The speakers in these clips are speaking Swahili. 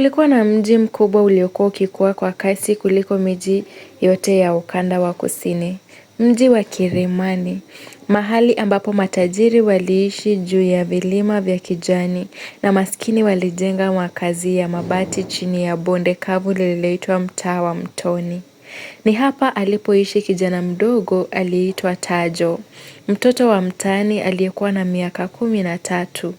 Kulikuwa na mji mkubwa uliokuwa ukikua kwa kasi kuliko miji yote ya ukanda wa kusini. Mji wa kirimani Mahali ambapo matajiri waliishi juu ya vilima vya kijani na maskini walijenga makazi ya mabati chini ya bonde kavu lililoitwa mtaa wa mtoni. Ni hapa alipoishi kijana mdogo aliyeitwa Tajo. Mtoto wa mtaani aliyekuwa na miaka kumi na tatu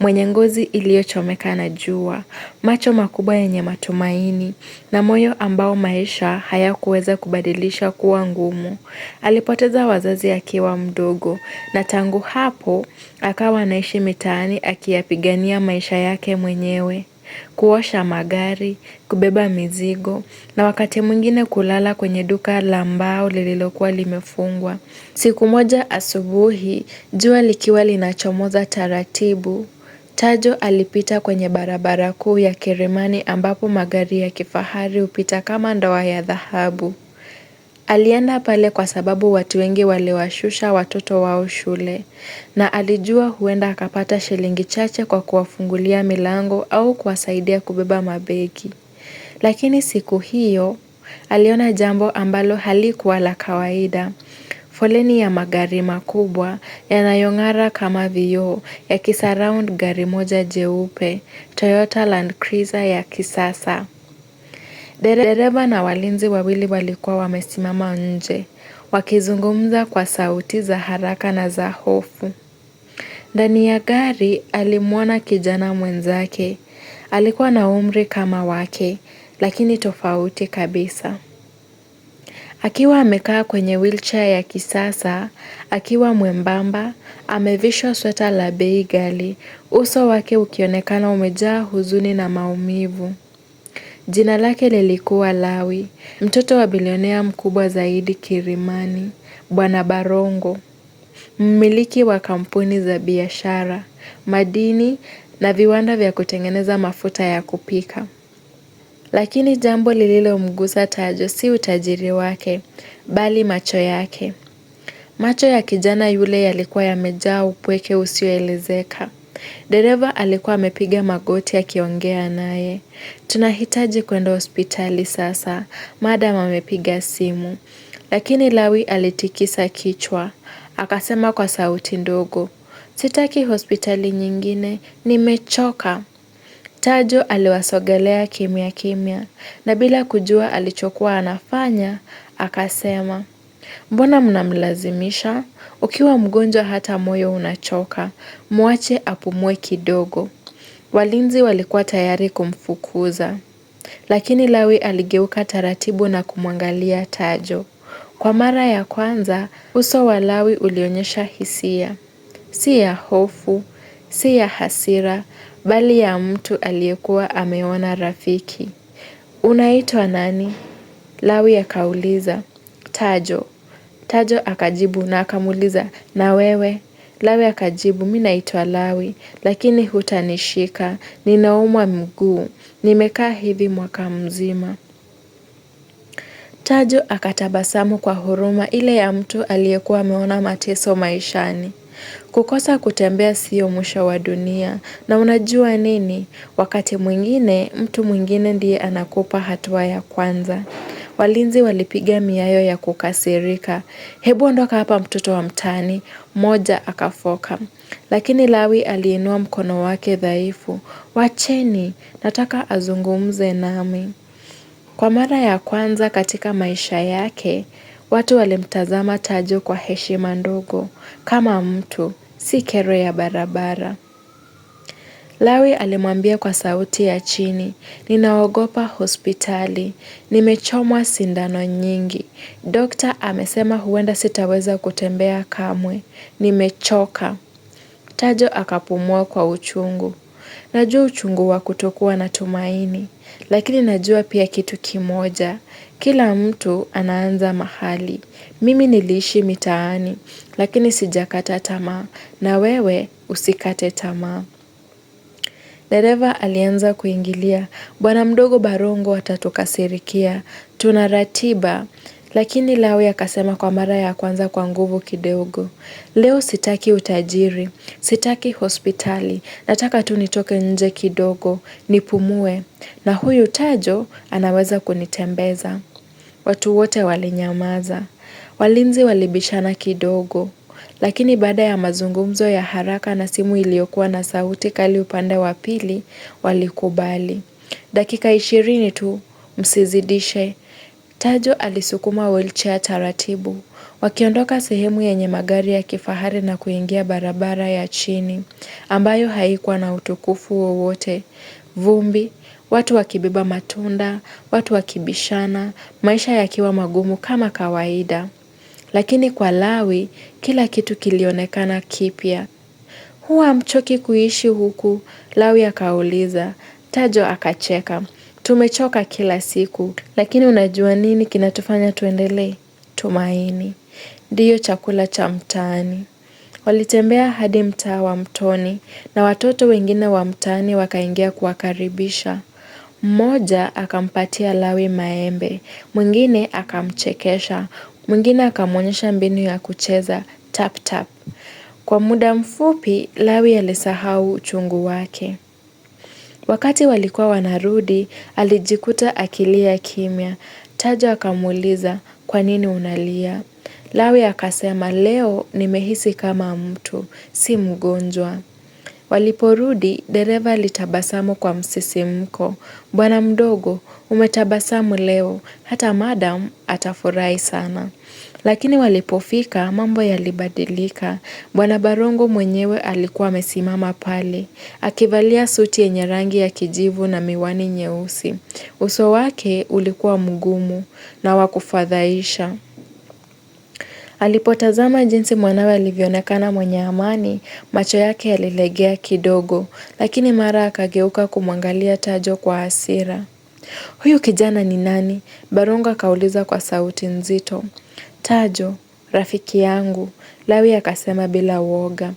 mwenye ngozi iliyochomeka na jua, macho makubwa yenye matumaini na moyo ambao maisha hayakuweza kubadilisha kuwa ngumu. Alipoteza wazazi akiwa mdogo na tangu hapo akawa anaishi mitaani akiyapigania maisha yake mwenyewe kuosha magari, kubeba mizigo, na wakati mwingine kulala kwenye duka la mbao lililokuwa limefungwa. Siku moja asubuhi, jua likiwa linachomoza taratibu, Tajo alipita kwenye barabara kuu ya Kilimani ambapo magari ya kifahari hupita kama ndoa ya dhahabu. Alienda pale kwa sababu watu wengi waliwashusha watoto wao shule, na alijua huenda akapata shilingi chache kwa kuwafungulia milango au kuwasaidia kubeba mabegi. Lakini siku hiyo, aliona jambo ambalo halikuwa la kawaida. Foleni ya magari makubwa yanayong'ara kama vioo yakisurround gari moja jeupe, Toyota Land Cruiser ya kisasa. Dereva na walinzi wawili walikuwa wamesimama nje, wakizungumza kwa sauti za haraka na za hofu. Ndani ya gari alimwona kijana mwenzake. Alikuwa na umri kama wake, lakini tofauti kabisa. Akiwa amekaa kwenye wheelchair ya kisasa, akiwa mwembamba, amevishwa sweta la bei ghali, uso wake ukionekana umejaa huzuni na maumivu. Jina lake lilikuwa Lawi, mtoto wa bilionea mkubwa zaidi kirimani Bwana Barongo, mmiliki wa kampuni za biashara, madini na viwanda vya kutengeneza mafuta ya kupika. Lakini jambo lililomgusa Tajo si utajiri wake, bali macho yake. Macho ya kijana yule yalikuwa yamejaa upweke usioelezeka. Dereva alikuwa amepiga magoti akiongea naye. Tunahitaji kwenda hospitali sasa. Madam amepiga simu. Lakini Lawi alitikisa kichwa. Akasema kwa sauti ndogo. Sitaki hospitali nyingine. Nimechoka. Tajo aliwasogelea kimya kimya na bila kujua alichokuwa anafanya, akasema. Mbona mnamlazimisha? Ukiwa mgonjwa hata moyo unachoka. Mwache apumue kidogo. Walinzi walikuwa tayari kumfukuza. Lakini Lawi aligeuka taratibu na kumwangalia Tajo. Kwa mara ya kwanza, uso wa Lawi ulionyesha hisia. Si ya hofu, si ya hasira, bali ya mtu aliyekuwa ameona rafiki. Unaitwa nani? Lawi akauliza. Tajo. Tajo akajibu na akamuuliza na wewe? Lawi akajibu mi naitwa Lawi lakini hutanishika ninaumwa mguu nimekaa hivi mwaka mzima. Tajo akatabasamu kwa huruma ile ya mtu aliyekuwa ameona mateso maishani. Kukosa kutembea sio mwisho wa dunia na unajua nini? Wakati mwingine mtu mwingine ndiye anakupa hatua ya kwanza. Walinzi walipiga miayo ya kukasirika. Hebu ondoka hapa mtoto wa mtaani, mmoja akafoka. Lakini Lawi aliinua mkono wake dhaifu. Wacheni, nataka azungumze nami. Kwa mara ya kwanza katika maisha yake, watu walimtazama Tajo kwa heshima ndogo, kama mtu, si kero ya barabara. Lawi alimwambia kwa sauti ya chini, ninaogopa hospitali. Nimechomwa sindano nyingi. Dokta amesema huenda sitaweza kutembea kamwe. Nimechoka. Tajo akapumua kwa uchungu. Najua uchungu wa kutokuwa na tumaini, lakini najua pia kitu kimoja. Kila mtu anaanza mahali. Mimi niliishi mitaani, lakini sijakata tamaa. Na wewe usikate tamaa. Dereva alianza kuingilia. Bwana mdogo Barongo atatukasirikia. Tuna ratiba. Lakini Lawi akasema kwa mara ya kwanza kwa nguvu kidogo. Leo sitaki utajiri. Sitaki hospitali. Nataka tu nitoke nje kidogo. Nipumue. Na huyu Tajo anaweza kunitembeza. Watu wote walinyamaza. Walinzi walibishana kidogo. Lakini baada ya mazungumzo ya haraka na simu iliyokuwa na sauti kali upande wa pili, walikubali. Dakika ishirini tu, msizidishe. Tajo alisukuma wheelchair taratibu. Wakiondoka sehemu yenye magari ya kifahari na kuingia barabara ya chini, ambayo haikuwa na utukufu wowote. Vumbi, watu wakibeba matunda, watu wakibishana, maisha yakiwa magumu kama kawaida lakini kwa Lawi kila kitu kilionekana kipya. Huwa mchoki kuishi huku? Lawi akauliza. Tajo akacheka. Tumechoka kila siku, lakini unajua nini kinatufanya tuendelee? Tumaini. Ndiyo chakula cha mtaani. Walitembea hadi mtaa wa Mtoni na watoto wengine wa mtaani wakaingia kuwakaribisha. Mmoja akampatia Lawi maembe, mwingine akamchekesha, Mwingine akamwonyesha mbinu ya kucheza tap-tap. Kwa muda mfupi, Lawi alisahau uchungu wake. Wakati walikuwa wanarudi, alijikuta akilia kimya. Tajo akamuuliza, kwa nini unalia? Lawi akasema, leo nimehisi kama mtu, si mgonjwa. Waliporudi, dereva alitabasamu kwa msisimko. Bwana mdogo, umetabasamu leo, hata madam atafurahi sana. Lakini walipofika mambo yalibadilika. Bwana Barongo mwenyewe alikuwa amesimama pale. Akivalia suti yenye rangi ya kijivu na miwani nyeusi. Uso wake ulikuwa mgumu na wa kufadhaisha. Alipotazama jinsi mwanawe alivyoonekana mwenye amani, macho yake yalilegea kidogo, lakini mara akageuka kumwangalia Tajo kwa hasira. Huyu kijana ni nani? Barongo akauliza kwa sauti nzito. Tajo, rafiki yangu, Lawi akasema bila uoga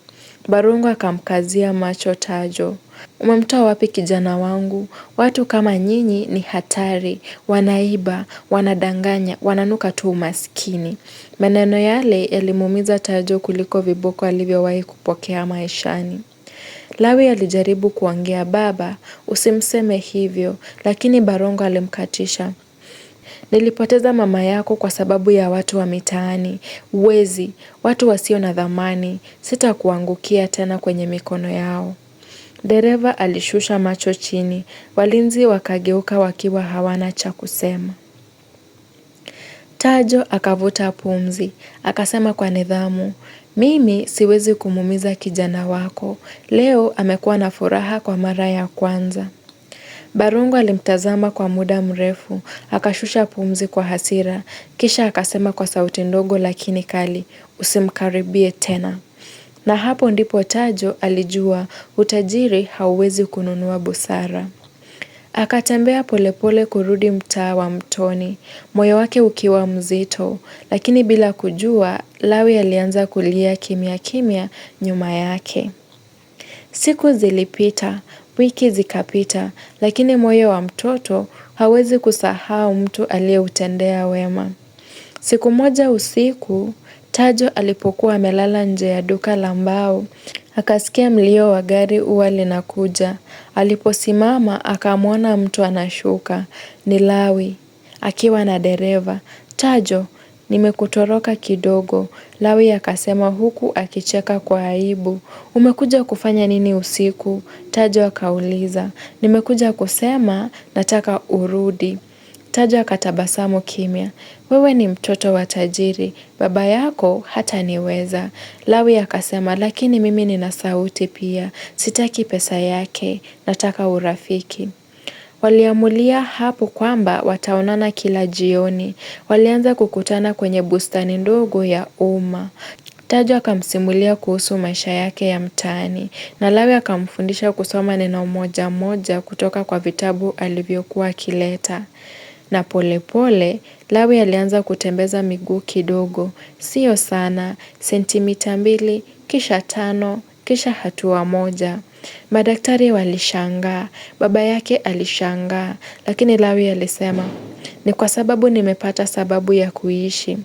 Barungu akamkazia macho Tajo. Umemtoa wapi kijana wangu? Watu kama nyinyi ni hatari, wanaiba, wanadanganya, wananuka tu umaskini. Maneno yale yalimuumiza Tajo kuliko viboko alivyowahi kupokea maishani. Lawi alijaribu kuongea baba, usimseme hivyo, lakini Barongo alimkatisha. Nilipoteza mama yako kwa sababu ya watu wa mitaani, wezi, watu wasio na dhamani, sitakuangukia tena kwenye mikono yao. Dereva alishusha macho chini, walinzi wakageuka wakiwa hawana cha kusema. Tajo akavuta pumzi, akasema kwa nidhamu, mimi siwezi kumumiza kijana wako, leo amekuwa na furaha kwa mara ya kwanza. Barungu alimtazama kwa muda mrefu, akashusha pumzi kwa hasira, kisha akasema kwa sauti ndogo lakini kali, usimkaribie tena. Na hapo ndipo Tajo alijua utajiri hauwezi kununua busara. Akatembea polepole kurudi mtaa wa mtoni, moyo wake ukiwa mzito, lakini bila kujua, Lawi alianza kulia kimya kimya nyuma yake. Siku zilipita, Wiki zikapita, lakini moyo wa mtoto hawezi kusahau mtu aliyeutendea wema. Siku moja usiku, Tajo alipokuwa amelala nje ya duka la mbao, akasikia mlio wa gari huwa linakuja. Aliposimama, akamwona mtu anashuka. Ni Lawi, akiwa na dereva. Tajo, Nimekutoroka kidogo. Lawi akasema huku akicheka kwa aibu. Umekuja kufanya nini usiku? Tajo akauliza. Nimekuja kusema nataka urudi. Tajo akatabasamu kimya. Wewe ni mtoto wa tajiri. Baba yako hata niweza Lawi akasema lakini mimi nina sauti pia. Sitaki pesa yake. Nataka urafiki. Waliamulia hapo kwamba wataonana kila jioni. Walianza kukutana kwenye bustani ndogo ya umma. Tajo akamsimulia kuhusu maisha yake ya mtaani. Na lawi akamfundisha kusoma neno moja moja kutoka kwa vitabu alivyokuwa akileta. Na polepole pole, lawi alianza kutembeza miguu kidogo. Sio sana, sentimita mbili, kisha tano, kisha hatua moja. Madaktari walishangaa, baba yake alishangaa, lakini Lawi alisema, ni kwa sababu nimepata sababu ya kuishi.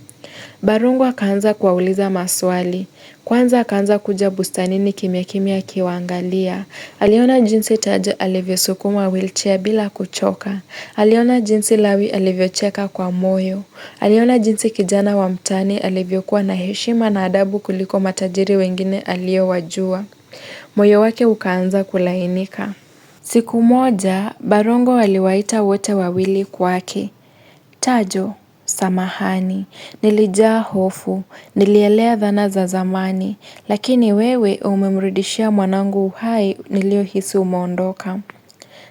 Barungu akaanza kuwauliza maswali. Kwanza akaanza kuja bustanini kimya kimya akiwaangalia. Aliona jinsi Taja alivyosukuma wheelchair bila kuchoka. Aliona jinsi Lawi alivyocheka kwa moyo. Aliona jinsi kijana wa mtaani alivyokuwa na heshima na adabu kuliko matajiri wengine aliyowajua. Moyo wake ukaanza kulainika. Siku moja, Barongo aliwaita wote wawili kwake. Tajo, samahani, nilijaa hofu, nilielea dhana za zamani, lakini wewe umemrudishia mwanangu uhai niliohisi umeondoka.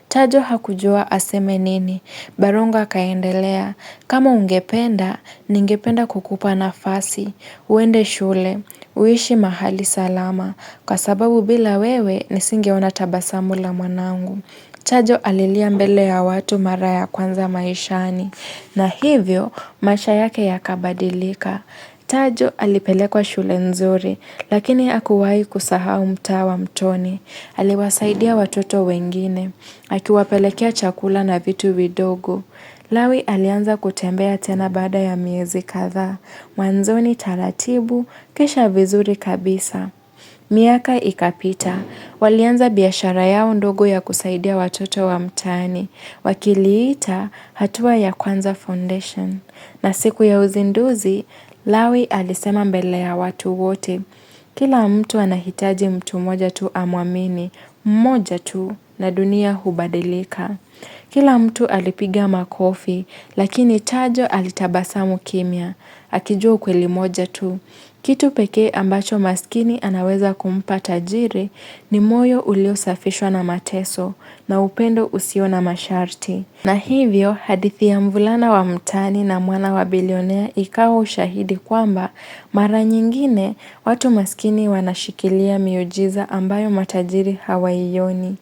Tajo hakujua aseme nini. barongo akaendelea. Kama ungependa, ningependa kukupa nafasi. Uende shule. Uishi mahali salama. Kwa sababu bila wewe, nisingeona tabasamu la mwanangu. Tajo alilia mbele ya watu mara ya kwanza maishani. Na hivyo, maisha yake yakabadilika. Tajo alipelekwa shule nzuri, lakini hakuwahi kusahau mtaa wa mtoni. Aliwasaidia watoto wengine. Akiwapelekea chakula na vitu vidogo. Lawi alianza kutembea tena baada ya miezi kadhaa. Mwanzoni taratibu, kisha vizuri kabisa. Miaka ikapita. Walianza biashara yao ndogo ya kusaidia watoto wa mtaani. Wakiliita hatua ya kwanza foundation. Na siku ya uzinduzi, Lawi alisema mbele ya watu wote, kila mtu anahitaji mtu mmoja tu amwamini, mmoja tu, na dunia hubadilika. Kila mtu alipiga makofi, lakini Tajo alitabasamu kimya, akijua ukweli moja tu. Kitu pekee ambacho maskini anaweza kumpa tajiri ni moyo uliosafishwa na mateso na upendo usio na masharti. Na hivyo, hadithi ya mvulana wa mtaani na mwana wa bilionea ikawa ushahidi kwamba mara nyingine watu maskini wanashikilia miujiza ambayo matajiri hawaioni.